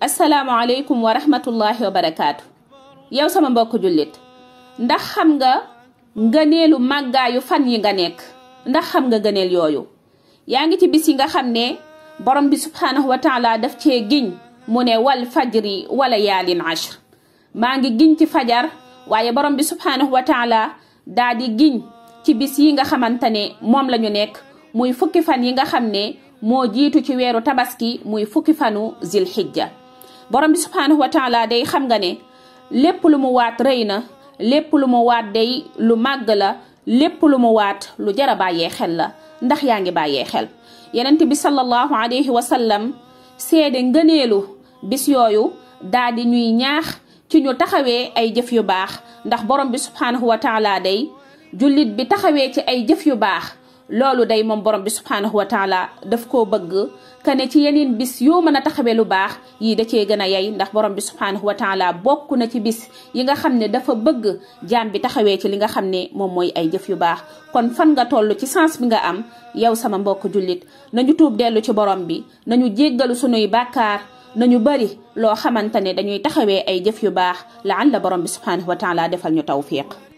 asalaamaaleykum wa rahmatullahi wa barakaatu yow sama mbokk jullit ndax xam nga ngëneelu màggaayu fan yi nga nekk ndax xam nga ngëneel yooyu yaa ngi ci bis yi nga xam ne borom bi subhaanahu wa taala daf cee giñ mu ne wal wala yaalin maa ngi giñ ci fajar waaye borom bi subhaanahu wa taala daa di giñ ci bis yi nga xamante ne moom la ñu nekk muy fukki fan yi nga xam ne moo jiitu ci weeru tabaski muy fukki fanu zilhijja borom bi subhaanahu wa day xam nga ne lépp lu mu waat rëy na lépp lu mu waat day lu màgg la lépp lu mu waat lu jar a bàyyee xel la ndax yaa ngi bàyyee xel yenent bi sallallahu alayhi wa sallam seede ngëneelu bis yooyu daal di ñuy ñaax ci ñu taxawee ay jëf yu baax ndax borom bi subhaanahu wa day jullit bi taxawee ci ay jëf yu baax loolu day moom borom bi subhaanahu wa taala daf koo bëgg kane ci yeneen bis yoo mën a taxawee lu baax yii da cee gën a yay ndax borom bi subhaanahu wa taala bokk na ci bis yi nga xam ne dafa bëgg jaam bi taxawee ci li nga xam ne moom mooy ay jëf yu baax kon fan nga toll ci sens bi nga am yow sama mbokk jullit na ñu tuub dellu ci borom bi na nañu jéggalu sunuy na ñu bari loo xamante ne dañuy taxawee ay jëf yu baax la an la borom bi subhaanahu wa taala defal ñu tawfiq